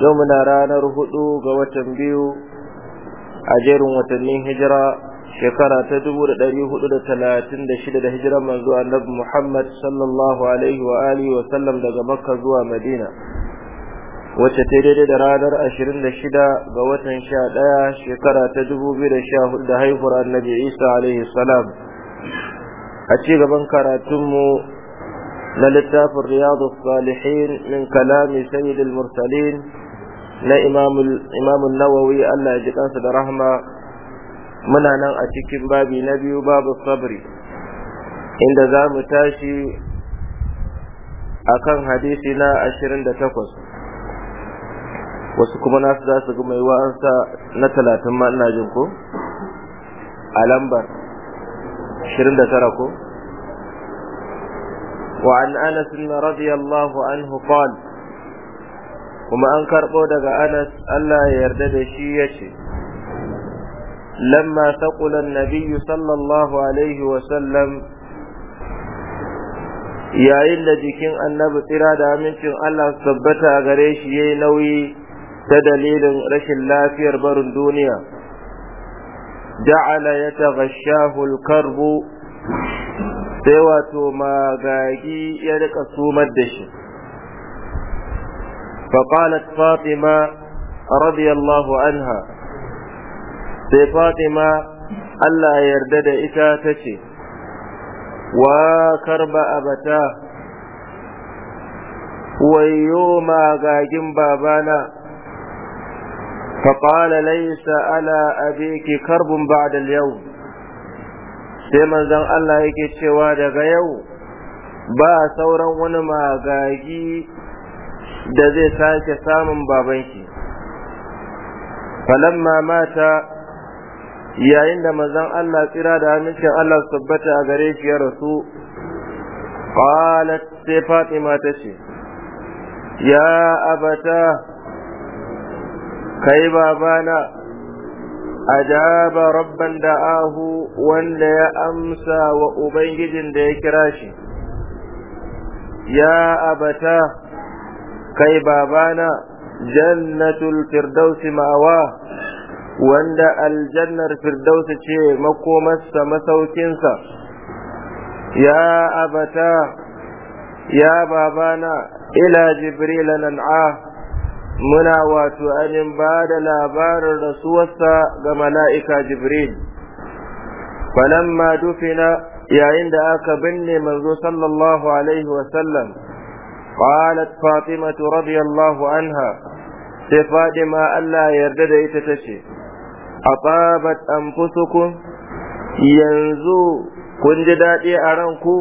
yau muna ranar hudu ga watan biyu a jerin watannin hijira shekara ta dubu da dari hudu da talatin da shida da hijiran manzo annabi muhammad sallallahu alaihi wa alihi wa sallam daga makka zuwa madina wacce ta daidai da ranar ashirin da shida ga watan sha ɗaya shekara ta dubu biyu da sha hudu da haihuwar annabi isa alaihi salam a ci gaban karatunmu na littafin riyadu salihin min kalami sayyidul mursalin na imamun nawawi Allah ya ji kansa da rahama muna nan a cikin babi na biyu babu sabri inda za mu tashi a kan hadisi na ashirin da takwas wasu kuma nasu za su mai wa'ansa na talatin ma ina jin a lambar ashirin da tara ko وعن أنس رضي الله عنه قال kuma an karɓo daga anas allah ya yarda da shi ya ce lamma taƙulan nabiyyu sallallahu alaihi wa sallam yayin da jikin annabi tsira da amincin allah su tabbata gare shi yayi nauyi ta dalilin rashin lafiyar barin duniya ja'ala ya al-karbu sai wato magagi ya rika sumar da shi فقالت فاطمة رضي الله عنها سي فاطمة ألا يردد إتا تشي وكرب أبتاه ويوما غاجم بابانا فقال ليس على أبيك كرب بعد اليوم سيما زن الله يكي شوى دغيو با ثورا ونما غاجي da zai sake samun babanki falamma mata yayin da mazan Allah tsira da amincin Allah su tabbata a gare shi ya rasu qalat sai Fatima ta ce ya abata kai babana ajaba rabban da'ahu wanda ya amsa wa ubangijin da ya kira shi ya abata kai babana jannatul firdausi ma'awa wanda aljannar firdausi ce makomarsa masaukinsa ya abata ya babana ila jibrila nan'a muna wato anin ba da labarin rasuwarsa ga mala'ika jibril falamma dufina yayin da aka binne manzo sallallahu alaihi wasallam qalat fatimatu radiyallahu anha sai fatima Allah yarda da ita tace atabat anfusukum yanzu kun ji daɗi a ranku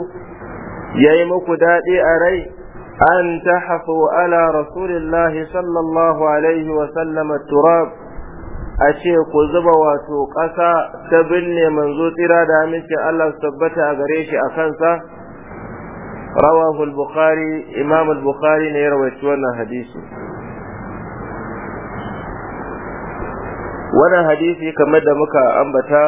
yayi muku daɗi a rai an tahfu ala Rasulillah sallallahu alaihi wa sallam turab a ce ku zuba wato ƙasa ta binne manzo tsira da aminci Allah su tabbata a gare shi a kansa Rawahul al-bukhari imam al-bukhari ne ya rawaito wannan hadisi wannan hadisi kamar da muka ambata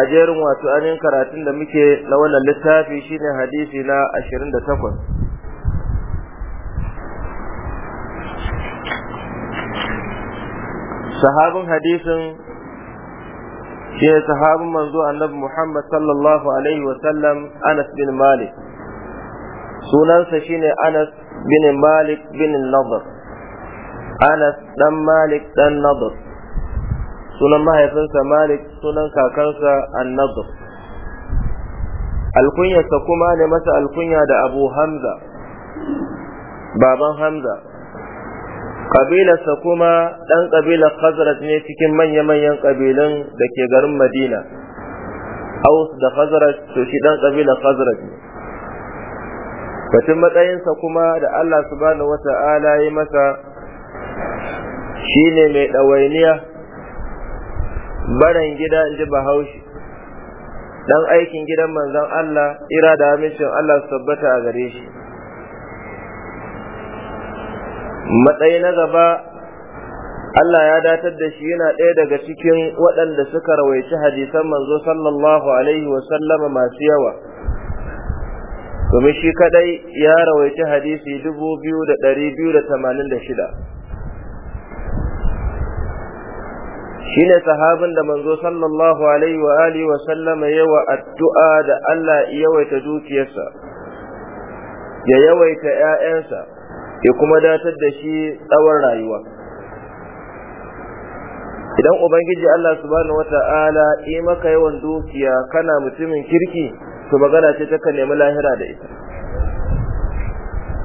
a jerin wato anin karatun da muke na wannan littafi shine hadisi na 28 sahabin hadisin shi ne sahabin manzo annabi Muhammad sallallahu alaihi wa sallam Anas bin Malik sunansa shine Anas bin Malik bin Nadr Anas dan Malik dan Nadr sunan mahaifinsa Malik sunan kakansa An-Nadr alkunyarsa kuma ne masa alkunya da Abu Hamza baban Hamza ƙabilarsa kuma ɗan ƙabilar khazraj ne cikin manya-manyan ƙabilun da ke garin madina aus da khazraj to shi ɗan ƙabilar khazraj ne batun matsayinsa kuma da allah subhanahu wata'ala yi masa shine mai ɗawainiya baran gida in ji bahaushe dan aikin gidan manzon allah ira da amincin allah su tabbata a gare shi matsayi na gaba Allah ya datar da shi yana ɗaya daga cikin waɗanda suka rawaici hadisan manzo sallallahu alaihi wa sallama masu yawa domin shi kadai ya rawaici hadisi dubu biyu da ɗari biyu da tamanin da shida shi ne sahabin da manzo sallallahu alaihi wa alihi wa sallama yawa addu'a da Allah ya yawaita dukiyarsa ya yawaita ‘ya'yansa ya kuma datar da shi tsawon rayuwa idan ubangiji Allah subhanahu wata'ala yi maka yawan dukiya kana mutumin kirki to magana ce ta ka nemi lahira da ita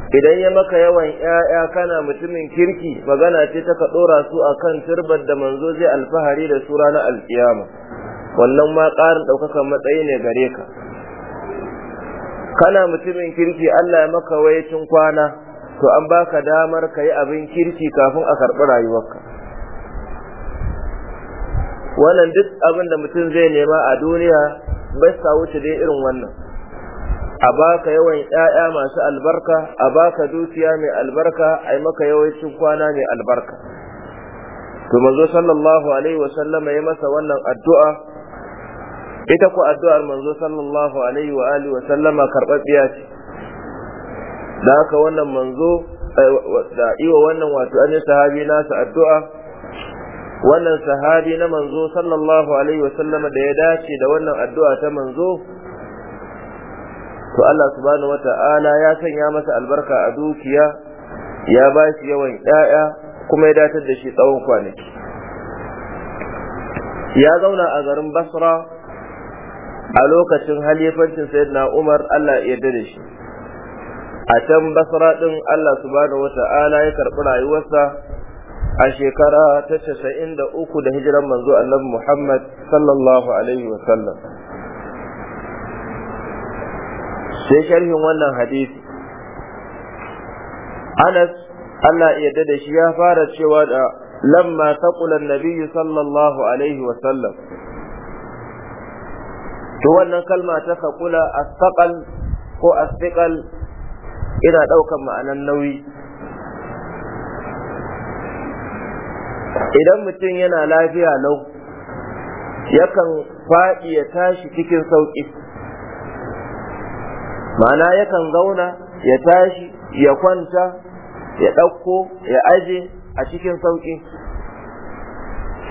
idan ya maka yawan 'ya'ya, kana mutumin kirki magana ce ta ka ɗora su akan turbar da manzo zai alfahari da su ranar alkiyama wannan ma ƙarin ɗaukakan matsayi ne gare ka kana mutumin kirki Allah ya maka waicin kwana to an baka damar ka yi abin kirki kafin a karɓi rayuwarka wannan duk abin da mutum zai nema a duniya bai sa wuce dai irin wannan a baka yawan ƴaƴa masu albarka a baka dukiya mai albarka a yi maka yawancin kwana mai albarka to manzo sallallahu alaihi wa sallama ya masa wannan addu'a ita ku addu'ar manzo sallallahu alaihi wa alihi wasallama karɓaɓɓiya ce da haka wannan manzo eh, da iwa wannan wato an sahabi nasa addu'a wannan sahabi na manzo sallallahu alaihi wasallam da ya dace da wannan addu'a ta manzo to Allah subhanahu wata'ala ya sanya masa albarka a dukiya ya ba shi yawan ƴaƴa kuma ya datar da shi tsawon kwanaki ya zauna a garin Basra a lokacin halifancin Sayyidina Umar Allah ya yarda da shi a can basra din Allah subhanahu wata'ala ya karɓi rayuwarsa a shekara ta casa'in da uku da hijiran manzo annabi Muhammad sallallahu alaihi wa sallam sai sharhin wannan hadisi Anas Allah iya da shi ya fara cewa da lamma taqula an-nabiy sallallahu alaihi wa sallam to wannan kalma ta taqula as ko as ina daukan ma'anan nauyi idan mutum yana lafiya lau yakan faɗi ya tashi cikin sauƙi ma'ana yakan zauna ya tashi ya kwanta ya ɗauko ya aje a cikin sauƙi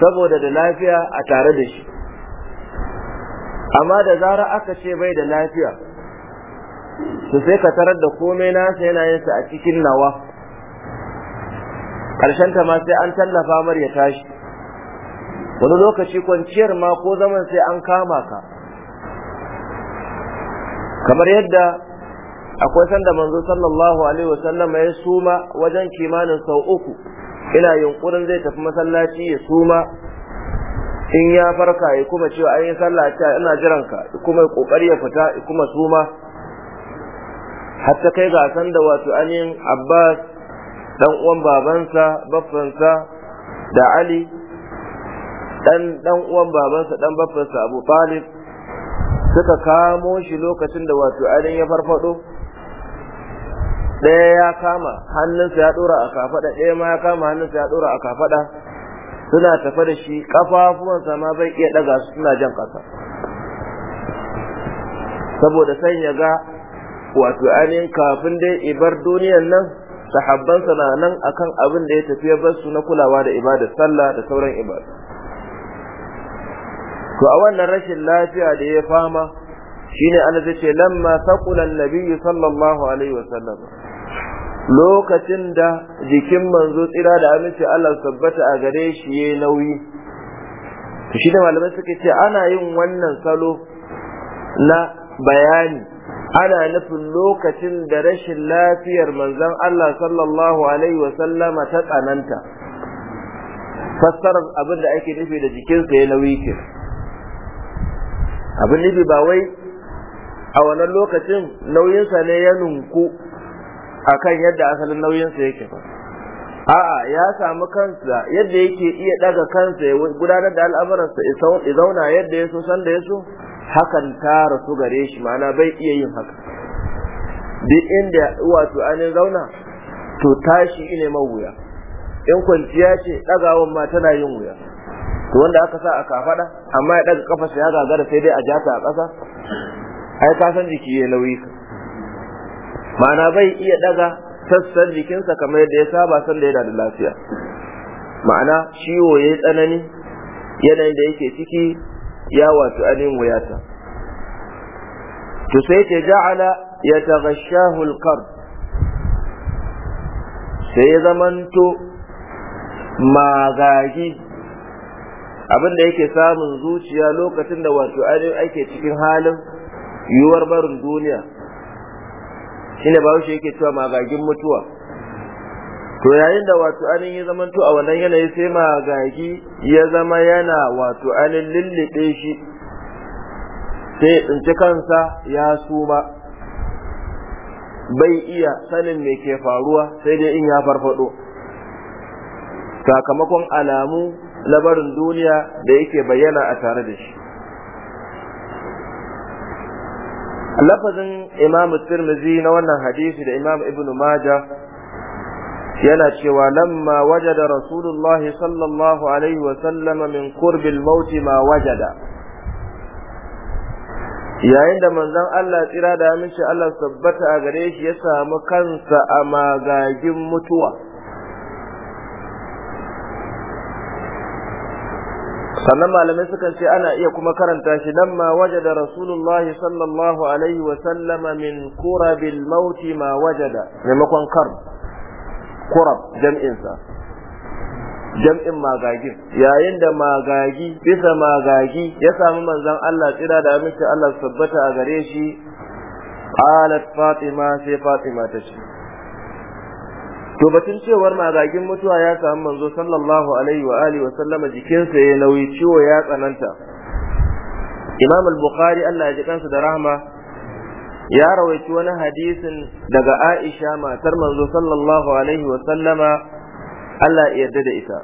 saboda da lafiya a tare da shi amma da zara aka ce bai da lafiya Su sai ka tarar da komai nasa yana yin sa a cikin nawa karshen ta ma sai an tallafa mar ya tashi wani lokaci kwanciyar ma ko zaman sai an kama ka kamar yadda akwai sanda manzo sallallahu alaihi wasallam ya suma wajen kimanin sau uku ina yunkurin zai tafi masallaci ya suma in ya farka ya kuma cewa an yi sallah ina jiran ka kuma kokari ya fita ya kuma suma har ta kai ga san da wato anin abbas dan uwan babansa baffansa da ali dan dan uwan babansa dan baffansa abu talib suka kamo shi lokacin da wato anin ya farfado ɗaya ya kama hannunsa ya ɗora a kafaɗa ɗaya ma ya kama hannunsa ya ɗora a kafaɗa suna tafa da shi ƙafafuwansa ma bai iya ɗaga su suna jan ƙasa saboda san ya ga wato ainihin kafin dai ibar duniyan nan sahabbansa na nan akan abin da ya tafiya ya bar su na kulawa da ibada sallah da sauran ibada to a wannan rashin lafiya da ya fama shine Allah zai ce lamma saqula an sallallahu alaihi wasallam lokacin da jikin manzo tsira da amince Allah sabbata a gare shi yayi nauyi to shi da malamai suka ce ana yin wannan salo na bayani ana nufin lokacin da rashin lafiyar manzon Allah sallallahu alaihi wa sallama ta tsananta fassarar abin da ake nufi da jikinsa ya nauyi ke abin nufi ba wai a wannan lokacin nauyinsa ne ya nunku akan yadda asalin nauyinsa yake ba a'a ya samu kansa yadda yake iya daga kansa ya gudanar da al'amuransa ya zauna yadda ya so san ya so hakan ta rasu gare shi ma'ana bai iya yin haka duk inda wato anin zauna to tashi ine man wuya in kwanciya ce ɗagawan ma tana yin wuya to wanda aka sa a kafaɗa amma ya ɗaga kafa ya gagara sai dai a jata a kasa ai ka san jiki ya nauyi ma'ana bai iya ɗaga sassan jikinsa kamar yadda ya saba san da yana da lafiya ma'ana ciwo yayi tsanani yanayin da yake ciki ya wato anin wuyata to sai ta ja'ala ya taɓa alqard sai zamanto magagi abin da yake samun zuciya lokacin da wato anin ake cikin halin yiwuwar barin duniya shine ba yake cewa magagin mutuwa to yayin da wato anin ya zama to a wannan yanayi sai magagi ya zama yana wato anin lillibe shi sai tsinci kansa ya suma bai iya sanin me ke faruwa sai dai in ya farfado sakamakon alamu na duniya da yake bayyana a tare da shi lafazin imam tirmizi na wannan hadisi da imam ibnu majah yana cewa lamma wajada rasulullah sallallahu alaihi wa sallama min qurbil maut ma wajada yayin da manzon Allah tsira da aminci Allah tabbata a gare shi ya samu kansa a magagin mutuwa sannan malamai sukan ce ana iya kuma karanta shi nan ma waje da rasulullah sallallahu alaihi wa sallama min qurbil maut ma waje da. maimakon kar kurab jam'insa jam'in magagin yayin da magagi bisa magagi ya samu manzon Allah tsira da aminci Allah tabbata a gare shi qalat fatima sai fatima ta ce to batun cewar magagin mutuwa ya samu manzo sallallahu alaihi wa alihi wa sallama jikinsa ya nauyi ciwo ya tsananta Imam al-Bukhari Allah ya ji kansa da rahma ya rawaiti wani hadisin daga Aisha matar manzo sallallahu alaihi wa sallama Allah ya yarda da ita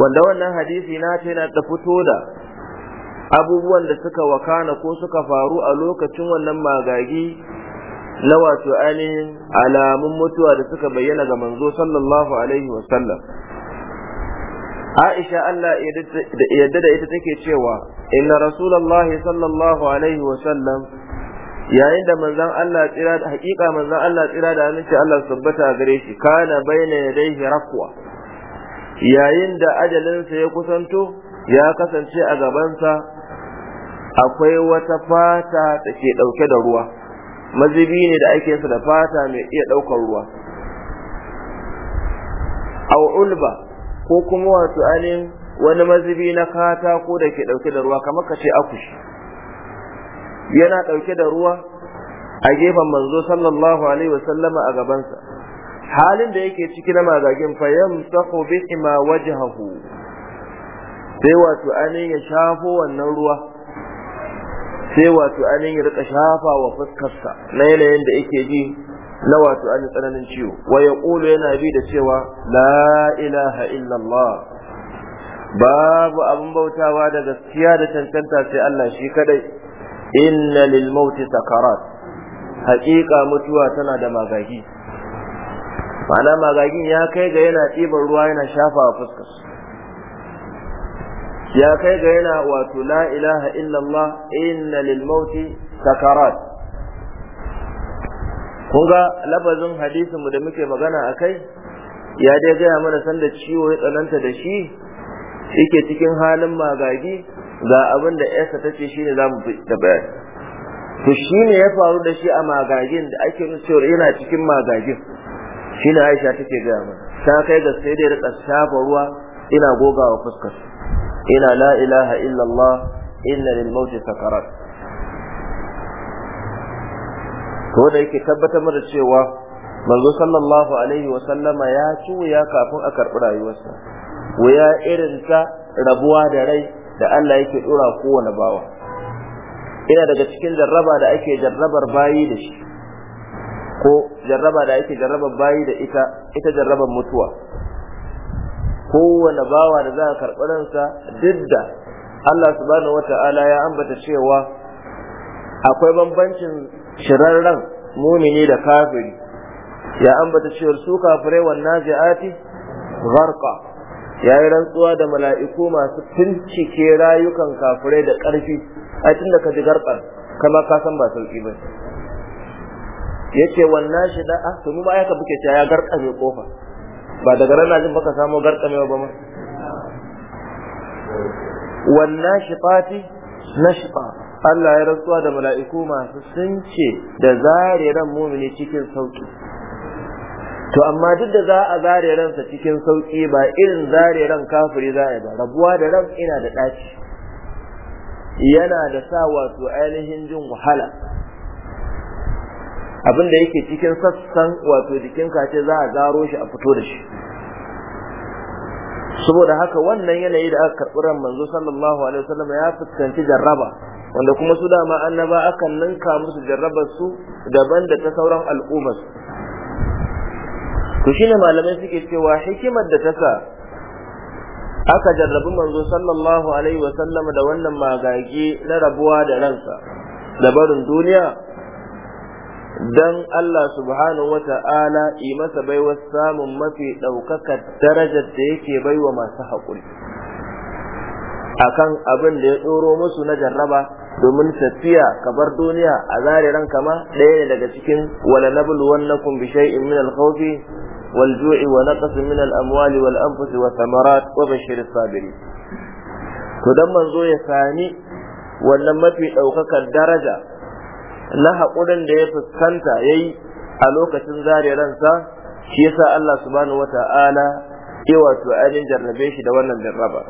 wanda wannan hadisi na ce na ta fito da abubuwan da suka wakana ko suka faru a lokacin wannan magagi na wato ainihin alamun mutuwa da suka bayyana ga manzo sallallahu alaihi wa sallam Aisha Allah ya yarda da ita take cewa Inna rasulullahi sallallahu alaihi wa sallam! yayin da manzon Allah tsira da hakika manzon Allah tsira da annabi Allah tabbata gare shi kana baina yadayhi raqwa yayin da ajalinsa ya kusanto ya kasance a gabansa akwai wata fata da ke dauke da ruwa mazibi ne da ake sa da fata mai iya daukar ruwa aw ulba ko kuma wato anin wani mazubi na katako da ke ɗauke da ruwa kamar ka ce akushi yana ɗauke da ruwa a gefen manzo sallallahu alaihi wasallama a gabansa halin da yake ciki na magagin fa yamsahu bihima wajhahu sai wato anin ya shafo wannan ruwa sai wato anin ya rika shafa wa fuskarsa na yanayin da yake ji na wato anin tsananin ciwo wa yaqulu yana bi da cewa la ilaha illallah babu abin bautawa da gaskiya da cancanta sai Allah shi kadai inna lil mauti sakarat haƙiƙa mutuwa tana da magagi ma'ana magagin ya kai ga yana ɗiban ruwa yana shafa a ya kai ga yana wato la ilaha illallah inna lil mauti sakarat kun ga labazin hadisin mu da muke magana akai ya dai gaya mana sanda ciwo ya tsananta da shi yake cikin halin magagi ga abin da yarsa ta ce shine za mu da bayani to shine ya faru da shi a magagin da ake nuna cewa yana cikin magagin shine Aisha take gaya mana ta kai ga sai dai rika shafa ruwa ina gogawa fuskar ina la ilaha illallah inna lil mauti sakarat to da yake tabbatar mana cewa manzo sallallahu alaihi wa sallama ya ci ya kafin a karɓi rayuwarsa wuya irin ta rabuwa da rai da Allah yake dora kowane bawa ina daga cikin jarraba da ake jarrabar bayi da shi ko jarraba da ake jarrabar bayi da ita ita jarrabar mutuwa kowane bawa da za a karɓi ransa duk da Allah subhanahu wata'ala ya ambata cewa akwai bambancin shirarren mumini da kafiri ya ambata cewa su kafirai wannan ati, gharqa ya yi rantsuwa da mala'iku masu tuncike rayukan kafurai da ƙarfi a tun da ka ji garɓar kama ka san ba sauƙi ba ya ce wannan shi da'a ah, to mu ba ya ka buke ta ya garƙame kofa ba daga rana jin baka samo garƙame ba ma wannan shi fati na shi Allah ya rantsuwa da mala'iku masu sunce da zare ran mumini cikin sauƙi to amma duk da za a zare ransa cikin sauki ba irin zare ran kafiri za a ba rabuwa da ran ina da ɗaci yana da sa wato ainihin jin wahala abin da yake cikin sassan wato jikin kace za a zaro shi a fito da shi saboda haka wannan yanayi da aka karɓi ran manzo sallallahu alaihi wasallam ya fuskanci jarraba wanda kuma su dama annaba akan ninka musu jarrabar su daban da ta sauran al'ummar to shine malamai suke cewa hikimar da ta sa aka jarrabi manzo sallallahu alaihi wa sallama da wannan magagi na rabuwa da ransa da barin duniya dan Allah subhanahu wa ta'ala yi masa wa samun mafi ɗaukakar darajar da yake baiwa masu haƙuri akan abin da ya tsoro musu na jarraba domin tafiya ka bar duniya a zare ranka ma ɗaya ne daga cikin wala nabluwannakum bi shay'in min al-khawfi والجوع ونقص من الأموال والأنفس والثمرات وبشر الصابرين تدمن زوية ثاني ولما في أوقك الدرجة لها قدن دي فسكنت يي ألوك تنزاري رنسا شيسا الله سبحانه وتعالى يوى تؤالين جرنبيش دوانا للربا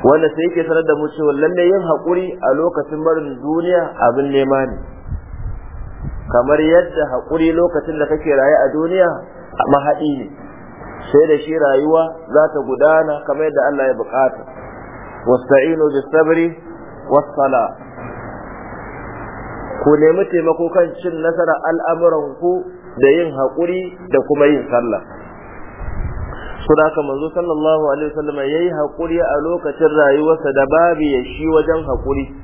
wanda sai yake sanar da mu cewa lalle yin haƙuri a lokacin barin duniya abin nema ne kamar yadda hakuri lokacin da kake rayu a duniya mahaɗi ne sai da shi rayuwa za ta gudana kamar yadda Allah ya bukata wasta'inu bis sabri was sala ku nemi taimako kan cin nasara al'amuran ku da yin haƙuri da kuma yin sallah suna ka manzo sallallahu alaihi wasallam yayi haƙuri a lokacin rayuwarsa da babu ya shi wajen haƙuri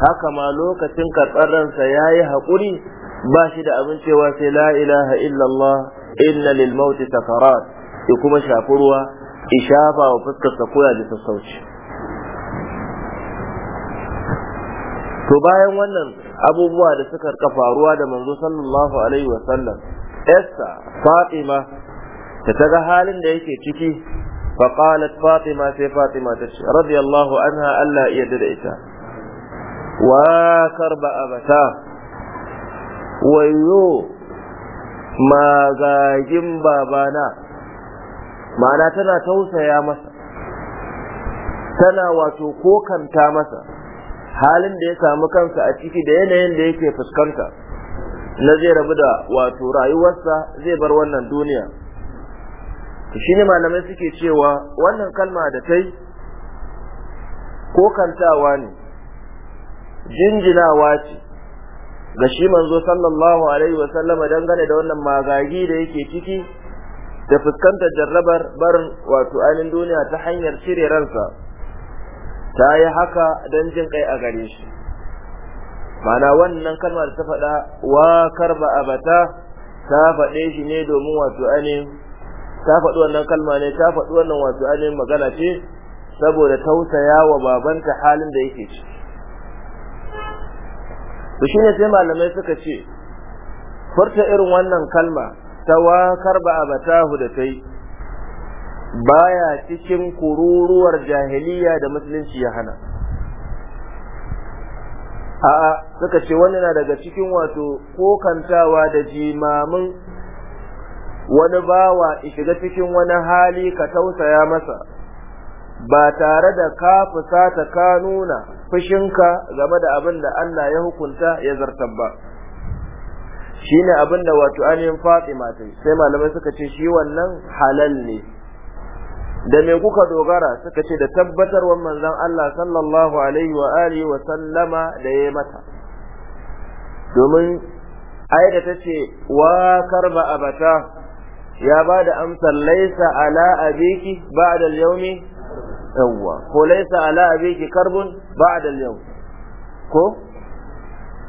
haka ma lokacin karɓar ransa ya yi haƙuri ba shi da abin cewa sai la ilaha illallah inna lil mauti sakarat ya kuma shafi ruwa ishafa wa fuskarsa koya da sassauci to bayan wannan abubuwa da suka rika ruwa da manzo sallallahu alaihi wa sallam 'Esta, Fatima da ta ga halin da yake ciki فقالت فاطمة في فاطمة رضي الله عنها ألا يدر إتاه wa karba abata wayo magagin babana Ma'ana tana tausaya masa tana wato kokanta masa halin da ya samu kansa a ciki da yanayin da yake fuskanta na zai rabu da wato rayuwarsa zai bar wannan duniya shi ne malamai suke cewa wannan kalma da ta yi kokantawa ne jinjinawa ce ga shi manzo sallallahu alaihi wasallama dangane da wannan magagi da yake ciki da fuskantar jarrabar barin wato ainihin duniya ta hanyar cire ransa ta yi haka don jin kai a gare shi mana wannan kalma da ta faɗa wa karba abata ta faɗe shi ne domin wato ainihin ta faɗi wannan kalma ne ta faɗi wannan wato ainihin magana ce saboda tausaya wa babanta halin da yake ciki to shine sai malamai suka ce furta irin wannan kalma tawakar ba abatahu da tai baya cikin kururuwar jahiliya da musulunci ya hana a'a suka ce wannan na daga cikin wato kokantawa da jimamin wani bawa shiga cikin wani hali ka tausaya masa ba tare da ka fusata ka nuna fushinka game da abin da Allah ya hukunta ya zartar ba shine abin da wato ainihin Fatima ta sai malamai suka ce shi wannan halal ne da me kuka dogara suka ce da tabbatarwar manzon Allah sallallahu alaihi wa alihi wa sallama da yayi mata domin ai da tace wa karba abata ya ba da amsar laisa ala abiki ba'da al-yawmi yawwa ko laisa ala abiki karbun ba'da al-yawm ko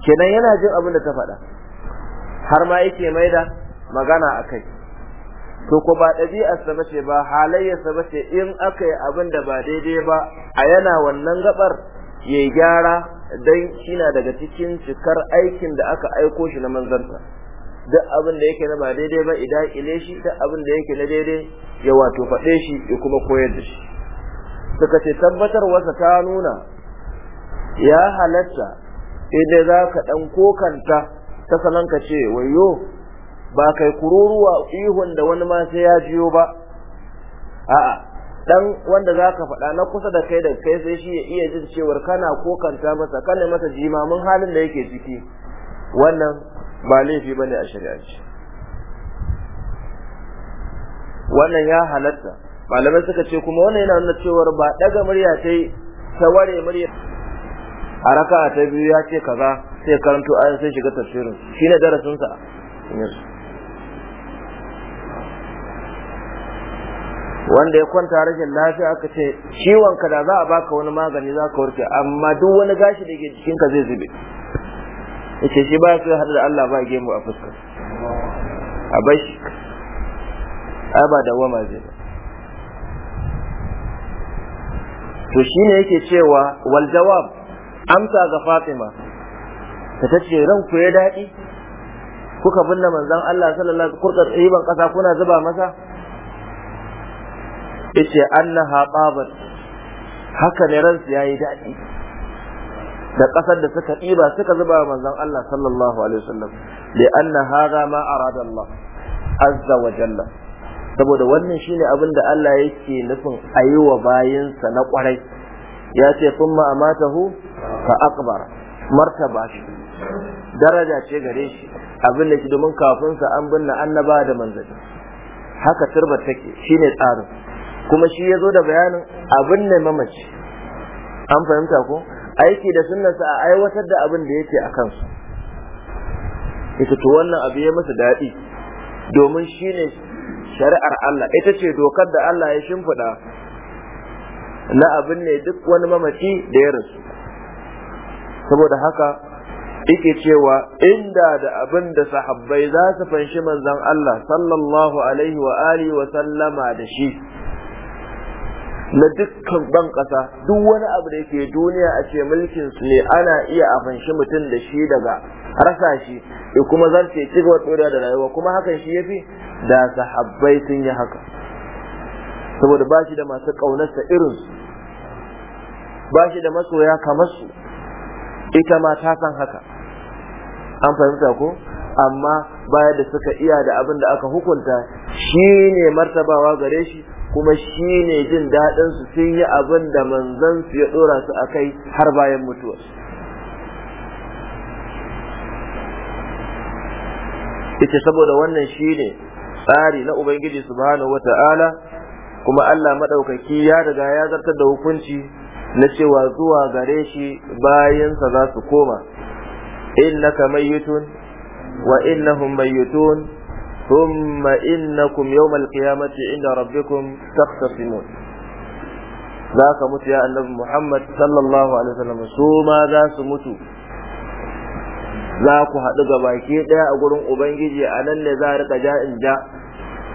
kenan yana jin abin da ta faɗa har ma yake maida magana akai to ko ba ɗabi'arsa ba ba halayyarsa ba in aka yi abin da ba daidai ba a yana wannan gabar ya gyara dan shina daga cikin cikar aikin da aka aiko shi na manzanta duk abin da yake na ba daidai ba idan ile shi duk abin da yake na daidai ya wato faɗe shi ya kuma koyar da shi suka ce tabbatar wasa ta nuna ya halatta idan za ka ɗan kokanta ta ka ce wayo ba kai kururuwa ihun da wani ma sai ya jiyo ba a'a dan wanda za ka faɗa na kusa da kai da kai sai shi ya iya jin cewar kana kokanta masa kana masa jimamin halin da yake ciki wannan ba laifi bane a shari'ance wannan ya halatta malamai suka ce kuma wannan yana nuna cewa ba daga murya ta yi ta ware murya a raka ta biyu ya ce kaza sai karanto ayan sai shiga tafsirin shine darasin sa wanda ya kwanta rashin lafiya aka ce ciwon ka da za a baka wani magani za ka warke amma duk wani gashi da ke jikinka zai zube yace shi ba su hada da Allah ba gemu a fuska a bai ai ba wama zai to shine yake cewa wal jawab amsa ga Fatima ta ce ranku ya daɗi kuka binne manzan Allah sallallahu alaihi wasallam kurka kasa kuna zuba masa yace annaha babat haka ne ya yi daɗi da ƙasar da suka ɗiba suka zuba manzan Allah sallallahu alaihi wasallam li anna hadha ma arada Allah azza wa jalla saboda wannan shine abin da Allah yake nufin ayiwa bayinsa na kwarai ya ce kuma amatahu ka akbar martaba shi daraja ce gare shi abin da shi domin kafin sa an binne annaba da manzanni haka turbar take shine tsarin kuma shi yazo da bayanin abin ne mamaci an fahimta ko aiki da sunnarsa a aiwatar da abin da yake a kansu ita to wannan abu ya masa daɗi domin shine shari'ar Allah ita ce dokar da Allah ya shimfiɗa na abin ne duk wani mamaci da ya rasu saboda haka yake cewa inda da abin da sahabbai za su fanshi manzon Allah sallallahu alaihi wa alihi wa sallama da shi na dukkan ban ƙasa duk wani abu da yake duniya a ce mulkin su ne ana iya a fanshi mutum da shi daga rasa shi ya kuma zarce ci gaba tsoriya da rayuwa kuma hakan shi yafi da sahabbai sun yi haka saboda ba shi da masu ƙaunarsa irinsu ba shi da masoya kamar su ita ma ta san haka an fahimta ko amma baya da suka iya da abin da aka hukunta shi ne martabawa gare shi kuma shi ne jin daɗinsu sun yi abin da manzansu ya ɗora su a kai har bayan mutuwa. yace saboda wannan shine tsari na ubangiji subhanahu wata'ala kuma Allah madaukaki ya riga ya zartar da hukunci na cewa zuwa gare shi bayansa za su koma innaka mayyitun wa innahum mayyitun thumma innakum yawmal qiyamati inda rabbikum takhtasimun za ka mutu ya annabi Muhammad sallallahu alaihi wasallam su ma za su mutu za ku haɗu ga baki ɗaya a gurin ubangiji a nan ne za a riƙa ja in ja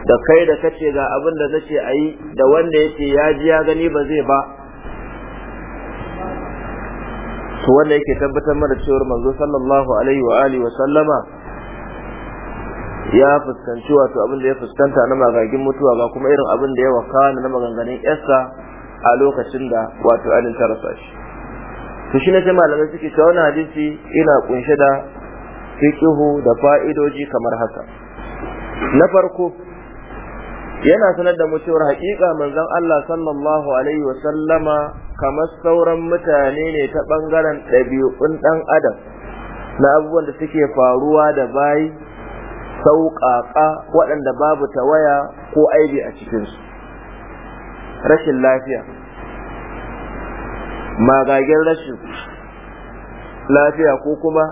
da kai da kace ga abin da nace a yi da wanda yake ya ji ya gani ba zai ba to wanda yake tabbatar mana cewar manzo sallallahu alaihi wa alihi wa sallama ya fuskanci wato abin da ya fuskanta na magagin mutuwa ba kuma irin abin da ya wakana na maganganun 'yasa a lokacin da wato alin ta rasa shi to shi ne sai malamai suke cewa wannan hadisi ina kunshe da fiqihu da fa'idoji kamar haka na farko yana sanar da mutuwar cewar haƙiƙa manzon Allah sallallahu alaihi wa sallama kamar sauran mutane ne ta bangaren ɗabi'un ɗan adam na abubuwan da suke faruwa da bayi sauƙaƙa waɗanda babu tawaya ko aibi a cikinsu rashin lafiya magagin rashin lafiya ko kuma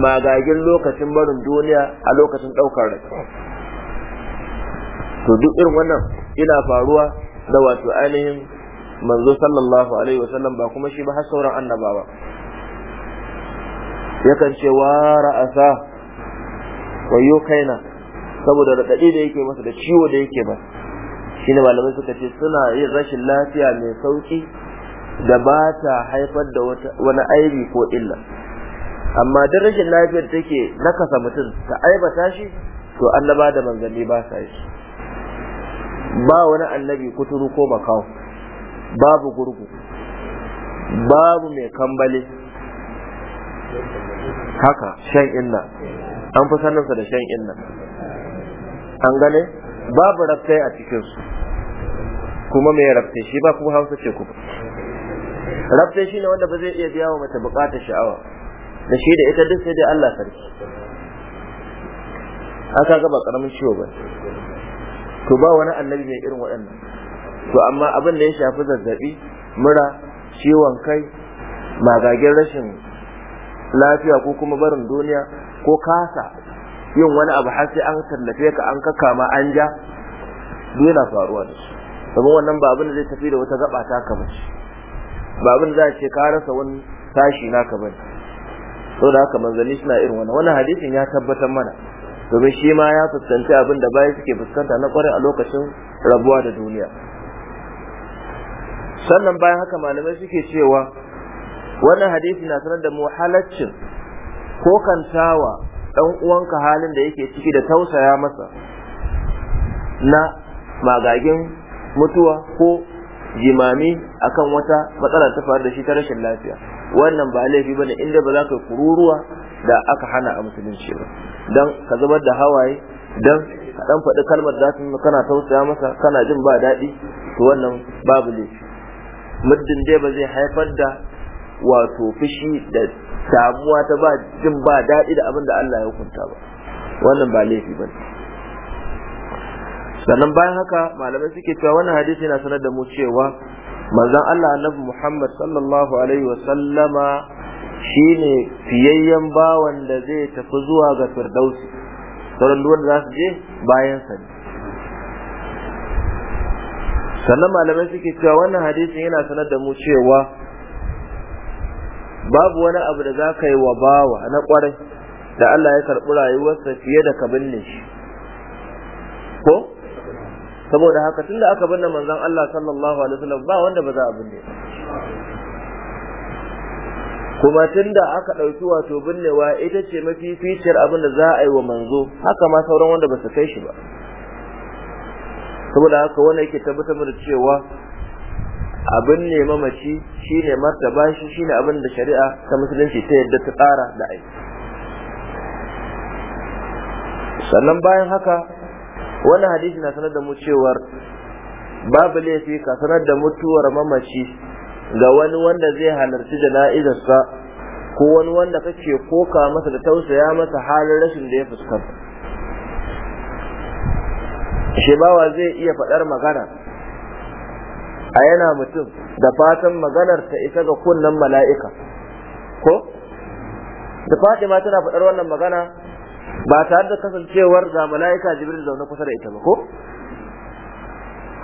magagin lokacin barin duniya a lokacin ɗaukar rai to duk irin wannan ina faruwa da wato ainihin manzo sallallahu alaihi wasallam ba kuma shi ba har sauran annabawa yakan ce wa ra'asa wa kaina saboda radadi da yake masa da ciwo da yake ba shine malamai suka ce suna yin rashin lafiya mai sauki da ba ta haifar da wani aibi ko illa amma darajar rashin lafiyar take nakasa mutum ta aibata shi to annaba da manzanni ba sa shi ba wani annabi kuturu ko makawo babu gurgu babu mai kambale haka shan inna an fi saninsa da shan inna an gane babu rabtai a cikinsu kuma mai rabtai shi ba kuma hausa ce kuma rabbe shi ne wanda ba zai iya biya wa mace bukatar sha'awa da shi da ita duk sai dai Allah sarki aka gaba karamin ciwo ba to ba wani annabi mai irin waɗannan to amma abin da ya shafi zazzabi mura ciwon kai magagen rashin lafiya ko kuma barin duniya ko kasa yin wani abu har sai an tallafe ka an kakama an ja duk yana faruwa da shi domin wannan ba abin da zai tafi da wata gaba ta kamar ba abin za a ce ka rasa wani sashi naka bane da haka manzanni suna irin wannan wannan hadisin ya tabbatar mana domin shi ma ya fuskanci abin da bayan suke fuskanta na kwarai a lokacin rabuwa da duniya sannan bayan haka malamai suke cewa wannan hadisi na sanar da mu halaccin ko kantawa dan uwanka halin da yake ciki da tausaya masa na magagin mutuwa ko jimami akan wata matsala ta faru da shi ta rashin lafiya wannan ba laifi ba ne inda ba za ka kururuwa da aka hana a musulunci ba don ka zubar da hawaye don ka dan faɗi kalmar za ta kana tausaya masa kana jin ba daɗi to wannan babu laifi muddin dai ba zai haifar da wato fushi da samuwa ta ba jin ba daɗi da abinda Allah ya hukunta ba wannan ba laifi ba ne sannan bayan haka malamai suke cewa wannan hadisi yana sanar da mu cewa manzon Allah annabi Muhammad sallallahu alaihi wa sallama shine fiyayyen bawan da zai tafi zuwa ga firdausi sauran duk wanda za su je bayan sa sannan malamai suke cewa wannan hadisi yana sanar da mu cewa babu wani abu da za ka yi wa bawa na kwarai da Allah ya karɓi rayuwarsa fiye da ka binne shi ko saboda haka tunda aka binne manzon Allah sallallahu alaihi wasallam ba wanda ba za a binne kuma tunda aka ɗauki wato binnewa ita ce mafi fitir abin da za a yi wa manzo haka ma sauran wanda ba su kai shi ba saboda haka wanda yake tabbatar da cewa abin ne mamaci shine martaba shi shine abin da shari'a ta musulunci ta yadda ta tsara da aiki sannan bayan haka wannan hadisi na sanar da mu cewar babu laifi ka sanar da mutuwar mamaci ga wani wanda zai halarci jana'izarsa ko wani wanda kake koka masa da tausaya masa halin rashin da ya fuskanta shi bawa zai iya faɗar magana a yana mutum da fatan maganar ta isa ga kunnen mala'ika ko da fatima tana faɗar wannan magana ba tare da kasancewar ga mala'ika jibril zaune kusa da ita ba ko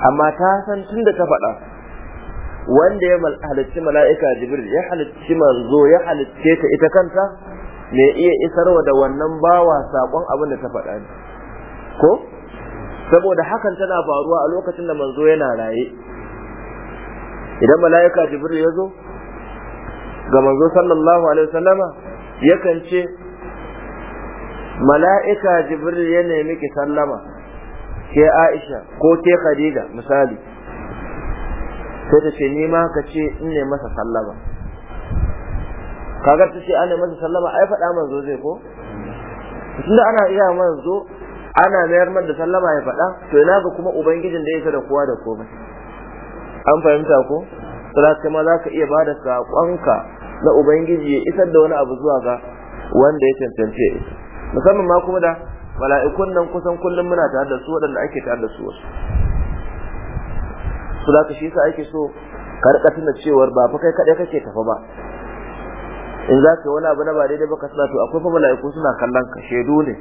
amma ta san tun da ta faɗa wanda ya halicci mala'ika jibril ya halicci manzo ya halicce ta ita kanta me iya isarwa da wannan bawa sakon abin da ta faɗa ne ko saboda hakan tana faruwa a lokacin da manzo yana raye idan mala'ika jibril ya zo ga manzo sallallahu alaihi wasallama yakan ce mala'ika jibril ya nemi ki sallama ke aisha ko ke khadija misali sai ta ce ni ma ka ce in ne masa sallama kaga ta ce ana masa sallama ai faɗa manzo zai ko tunda ana iya manzo ana mayar man da sallama ya faɗa to ina ga kuma ubangijin da yake da kowa da komai an fahimta ko sai kuma za ka iya bada saƙonka na ubangiji ya isar da wani abu zuwa ga wanda ya isa musamman ma kuma da mala'ikun nan kusan kullum muna tare da su waɗanda ake tare da su wasu su da ka shi sa ake so ka rika tuna cewar ba fa kai kaɗai kake tafa ba in za ka yi wani abu na ba daidai ba ka suna to akwai fa mala'iku suna kallon ka shaidu ne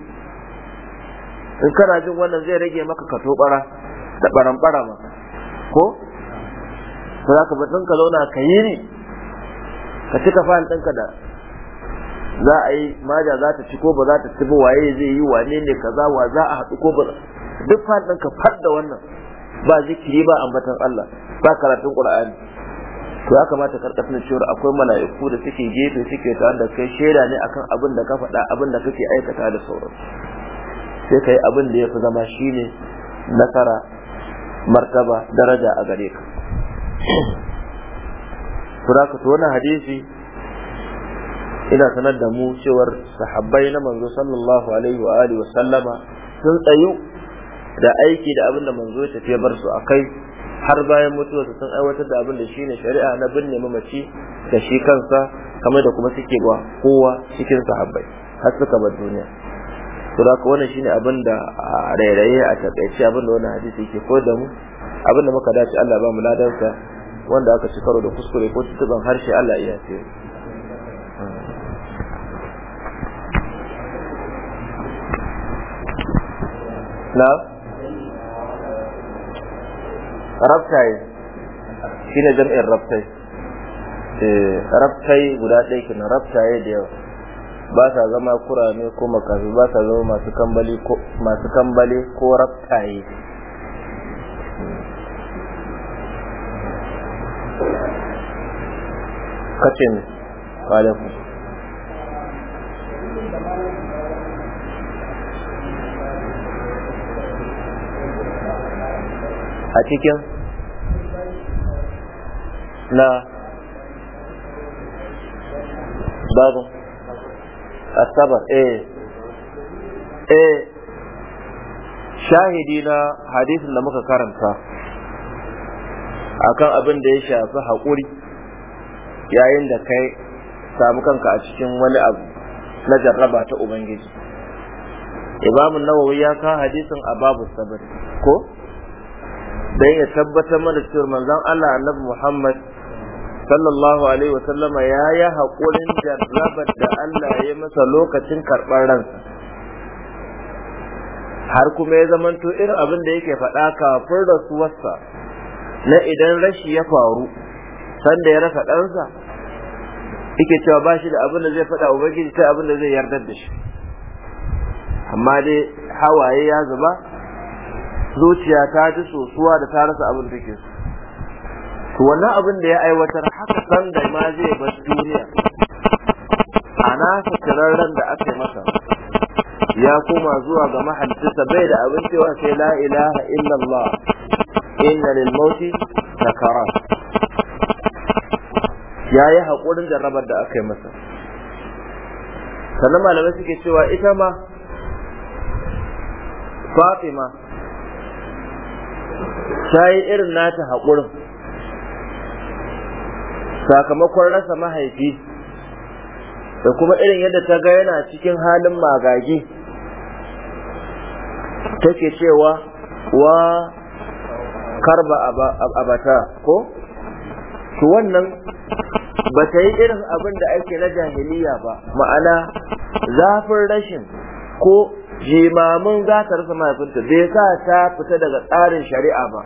in kana jin wannan zai rage maka ka bara da bara ma ko to za ka batun ka zauna ka yi ne ka cika fahimtanka da za a yi maja za ta ci ko ba za ta ci ba waye zai yi wane ne kaza wa za a haɗu ko ba duk faɗin ka da wannan ba zikiri ba ambatan Allah ba karatun Qur'ani to ya kamata karkashin cewa akwai mala'iku da suke gefe suke tare da kai shaida ne akan abin da ka faɗa abin da kake aikata da sauran sai kai abin da ya fi zama shine nasara martaba daraja a gare ka. Suraka to wannan hadisi ina sanar da mu cewar sahabbai na manzo sallallahu alaihi wa alihi sallama sun tsayu da aiki da abin da manzo ya tafiya bar su akai har bayan su sun aiwatar da abin da shine shari'a na binne mamaci da shi kansa kamar da kuma suke ba kowa cikin sahabbai har suka bar duniya to da wannan shine abin da rairaye a takaice abin da wannan hadisi yake koyar da mu abinda muka dace Allah ba mu ladansa wanda aka ci karo da kuskure ko tutuban harshe Allah iya tsere islam raftai shi ne jam'in raftai eh, raftai guda ɗaya kenan raftaye da yau ba sa zama kurame ko makafi ba sa zama masu kambali ko masu kambale ko raftaye kace ne a cikin na babu? asabar eh eh shahidi na hadisin da muka karanta akan abin da ya shafi haƙuri yayin da kai samu kanka a cikin wani abu na jarraba ta ubangiji imamun nawawi ya ka hadisin a babu sabari ko dan ya tabbatar mana cewa manzon Allah annabi Muhammad sallallahu alaihi wa sallama ya yi hakurin jarrabar da Allah ya masa lokacin karɓar ransa har kuma ya zamanto irin abin da yake faɗa kafin rasuwarsa na idan rashi ya faru sanda ya rasa ɗansa yake cewa ba shi da abin da zai faɗa ubangiji sai abin da zai yarda da shi amma dai hawaye ya zuba zuciya ta ji sosuwa da ta rasa abin take su to wannan abin da ya aiwatar haka san da ma zai bar duniya a nasa tirarren da aka yi masa ya koma zuwa ga mahalicinsa bai da abin cewa sai la ilaha illallah inna lil mauti sakarat ya yi haƙurin jarrabar da aka yi masa sannan malamai suke cewa ita ma fatima ta yi irin nata haƙurin sakamakon rasa mahaifi da kuma irin yadda ta ga yana cikin halin magagi take cewa wa karba abata ko to wannan ba ta yi irin abin da ake na jahiliya ba ma'ana zafin rashin ko jimamin za ta rasa mahaifinta bai sa ta fita daga tsarin shari'a ba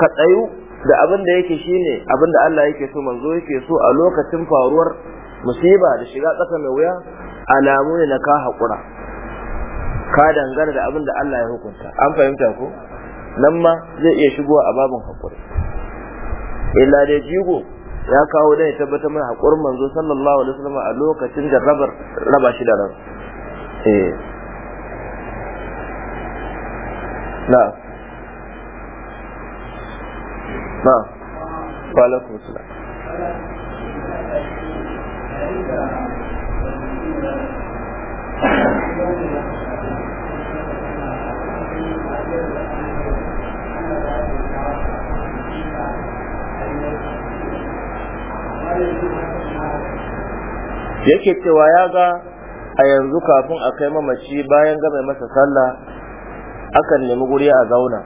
ka tsayu da abin da yake shine abin da Allah yake so manzo yake so a lokacin faruwar musiba da shiga tsaka mai wuya alamu ne na ka haƙura ka dangana da abin da Allah ya hukunta an fahimta ko nan ma zai iya shigo a babin haƙuri illa da jigo ya kawo dai ya tabbatar mana haƙurin manzo sallallahu alaihi wasallam a lokacin da rabar raba shi da rabar eh na na walaikum yake cewa ya ga a yanzu kafin a kai mamaci bayan gama masa sallah akan nemi guri a zauna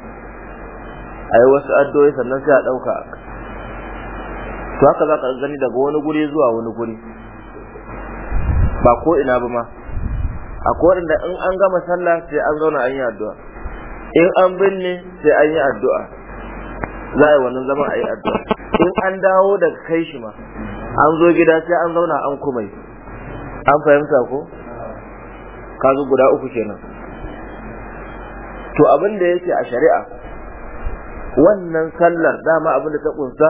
a yi wasu addu'o'i sannan sai a ɗauka to haka za ka gani daga wani guri zuwa wani guri ba ko ina ba ma akwai da in an gama sallah sai an zauna an yi addu'a in an binne sai an yi addu'a za a yi wannan zaman a yi addu'a in an dawo daga kai shi ma an zo gida sai an zauna an kumai an fahimta ko kaga guda uku kenan to abin da yake a shari'a wannan sallar dama abin da ta kunsa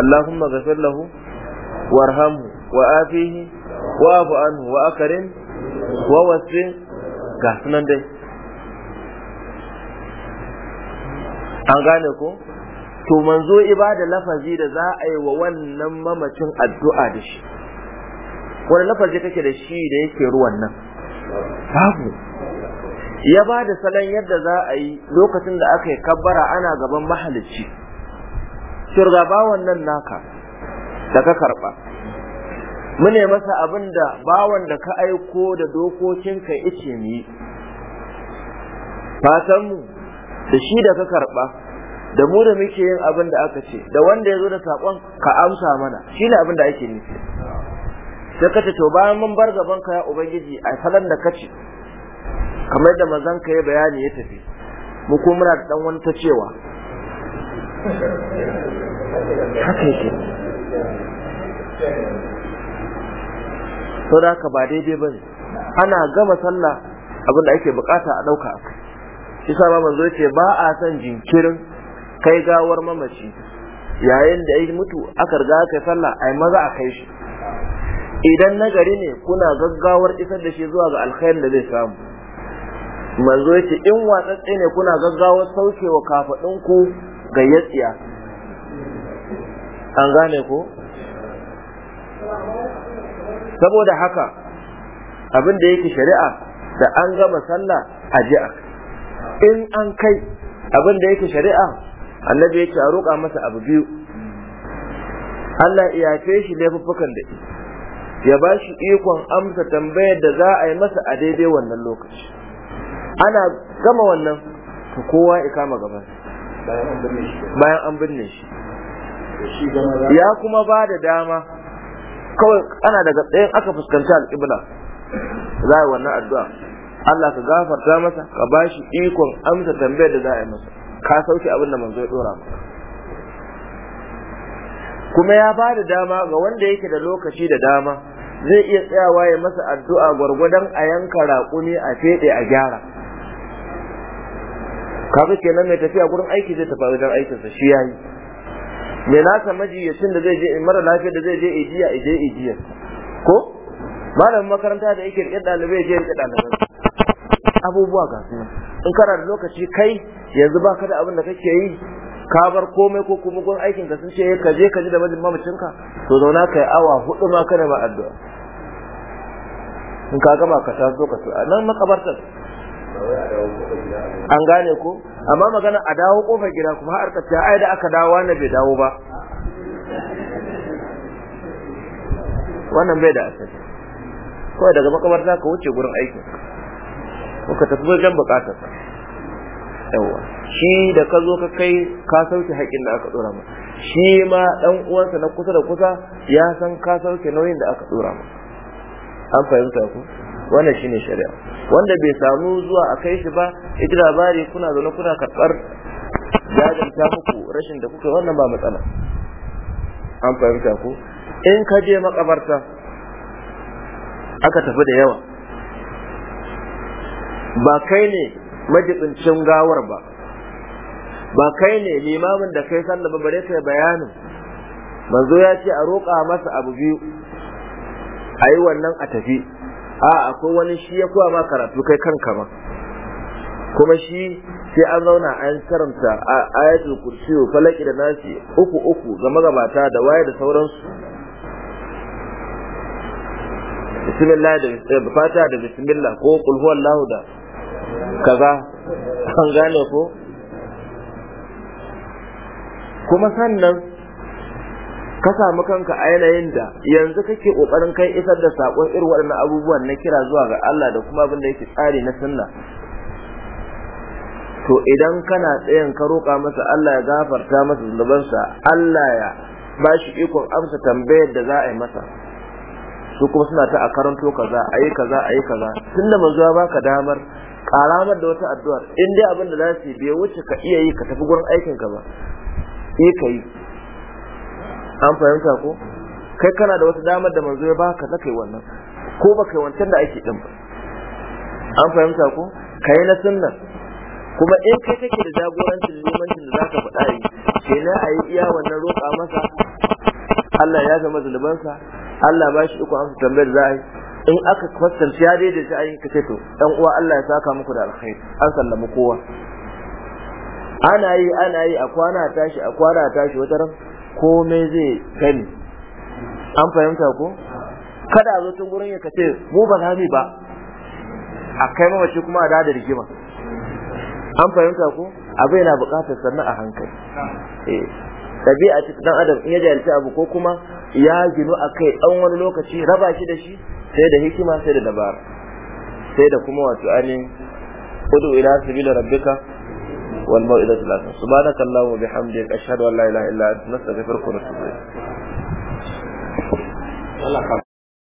Allahumma ghafir lahu warhamhu wa afihi wa afu anhu wa akarin wa wasi ga sunan dai an gane ko to manzo ibada lafazi da za a yi wa wannan mamacin addu'a da shi wani lafazi kake da shi da yake ruwan nan babu ya ba da salon yadda za a yi lokacin da aka yi kabbara ana gaban mahalicci shirgabawan nan naka da ka karba mune masa abin da bawan da ka aiko da dokokinka ice mi fatanmu da shi da ka karba da mu da muke yin abin da aka ce da wanda ya zo da saƙon ka amsa mana shi ne abin da ake nufi sai kace to bayan mun bar gaban ka ya ubangiji a falan da kace kamar da mazan ka ya bayani ya tafi mu ko muna da dan wani ta cewa haka yake saboda ba daidai bane ana gama sallah abin da ake bukata a dauka akai shi sa ba manzo yace ba a san jinkirin kai gawar mamaci yayin da ya mutu aka riga aka sallah ai maza a kai shi idan nagari ne kuna gaggawar isar da shi zuwa ga alkhairin da zai samu manzo yace in watsatse ne kuna gaggawar saukewa kafadin ku yatsiya, an gane ko saboda haka abin da yake shari'a da an gama sallah a ji in an kai abin da yake shari'a annabi yake a roƙa masa abu biyu Allah ya yafe shi laifuffukan da ya ba shi ikon amsa tambayar da za a yi masa a daidai wannan lokaci ana gama wannan to kowa ya kama gaban bayan an binne shi ya kuma ba da dama kawai ana daga tsayin aka fuskanci al'ibla za a yi wannan addu'a Allah ka gafarta masa ka ba shi ikon amsa tambayar da za a yi masa ka sauke abin da manzo ya dora maka kuma ya ba da dama ga wanda yake da lokaci da dama zai iya tsayawa ya masa addu'a gwargwadon a yanka raƙumi a feɗe a gyara kaga kenan mai tafiya gurin aiki zai tafi wajen aikinsa shi yayi mai nasa majiyacin da zai je mara lafiya da zai je ijiya ije ijiya ko malamin makaranta da yake riƙe ɗalibai je riƙe ɗalibai abubuwa ga su in kana da lokaci kai yanzu baka da abin da kake yi ka bar komai ko kuma gun aikin ka sun ce eh, ka je ka ji da bajin mamacinka to zauna kai awa hudu ma kana ba addu'a in ka gama ka so ka a nan makabartar an gane ko amma magana a dawo kofar gida kuma har ka ai da aka dawo na bai dawo ba wannan bai da asali kawai daga makabarta ka wuce gurin aikin ko ka tafi wajen bukatar yawa shi da ka zo ka kai ka sauke haƙƙin da aka tsora ma, shi ma dan uwansa na kusa da kusa ya san ka sauke nauyin da aka tsora ma, an fahimta ku wannan shine shari'a wanda bai samu zuwa a kai shi ba ita labari kuna zaune kuna karɓar jajanta muku rashin da kuka wannan ba matsala an fahimta ku in ka je makabarta aka tafi da yawa ba kai ne majibincin gawar ba ba kai ne limamin da kai sallah ba bare kai bayanin manzo ya ce a roƙa masa abu biyu a yi wannan a tafi a akwai wani shi ya kuwa ma karatu kai kanka ma kuma shi sai an zauna an karanta a ayatul wa falaki da nasi uku uku ga magabata da waye da sauransu bismillah da fata da bismillah ko qul huwallahu da kaza an gane ko kuma sannan ka samu kanka a yanayin da yanzu kake kokarin kai isar da sakon irin waɗannan abubuwan na kira zuwa ga Allah da kuma abin da yake tsari na sunna to idan kana tsayan ka roƙa masa Allah ya gafarta masa zunubansa Allah ya ba shi ikon amsa tambayar da za a yi masa su kuma suna ta a karanto kaza ayi yi kaza a kaza tunda manzo ya baka damar karamar da wata addu'ar in dai abin da za su yi bai wuce ka iya yi ka tafi gurin aikin ka ba sai ka yi an fahimta ko kai kana da wata damar da manzo ya baka ta yi wannan ko ba yi wancan da ake din ba an fahimta ko Ka yi na sunna kuma in kai kake da jagorancin limancin da za ka faɗa yi na a yi iya wannan roƙa masa Allah ya ga mazulubansa Allah ba shi uku amsa tambayar za a yi in aka kwatanta ya daidai shi ayin kace to dan uwa Allah ya saka muku da alkhairi an sallama kowa ana yi ana yi a kwana tashi a kwana tashi wata ran komai zai gani an fahimta ko kada a zo tun gurin ya kace mu ba za mu ba a kai mace kuma a da da rigima an fahimta ko abu yana buƙatar sannan a hankali eh ɗabi'a cikin dan adam in ya jahilci abu ko kuma ya ginu a kai ɗan wani lokaci raba shi da shi sai da hikima sai da dabara sai da kuma wato ainihin kudu ila sabila rabbika wal mau'izatu lakum wa bihamdika ashhadu an la ilaha illa anta astaghfiruka wa atubu ilayk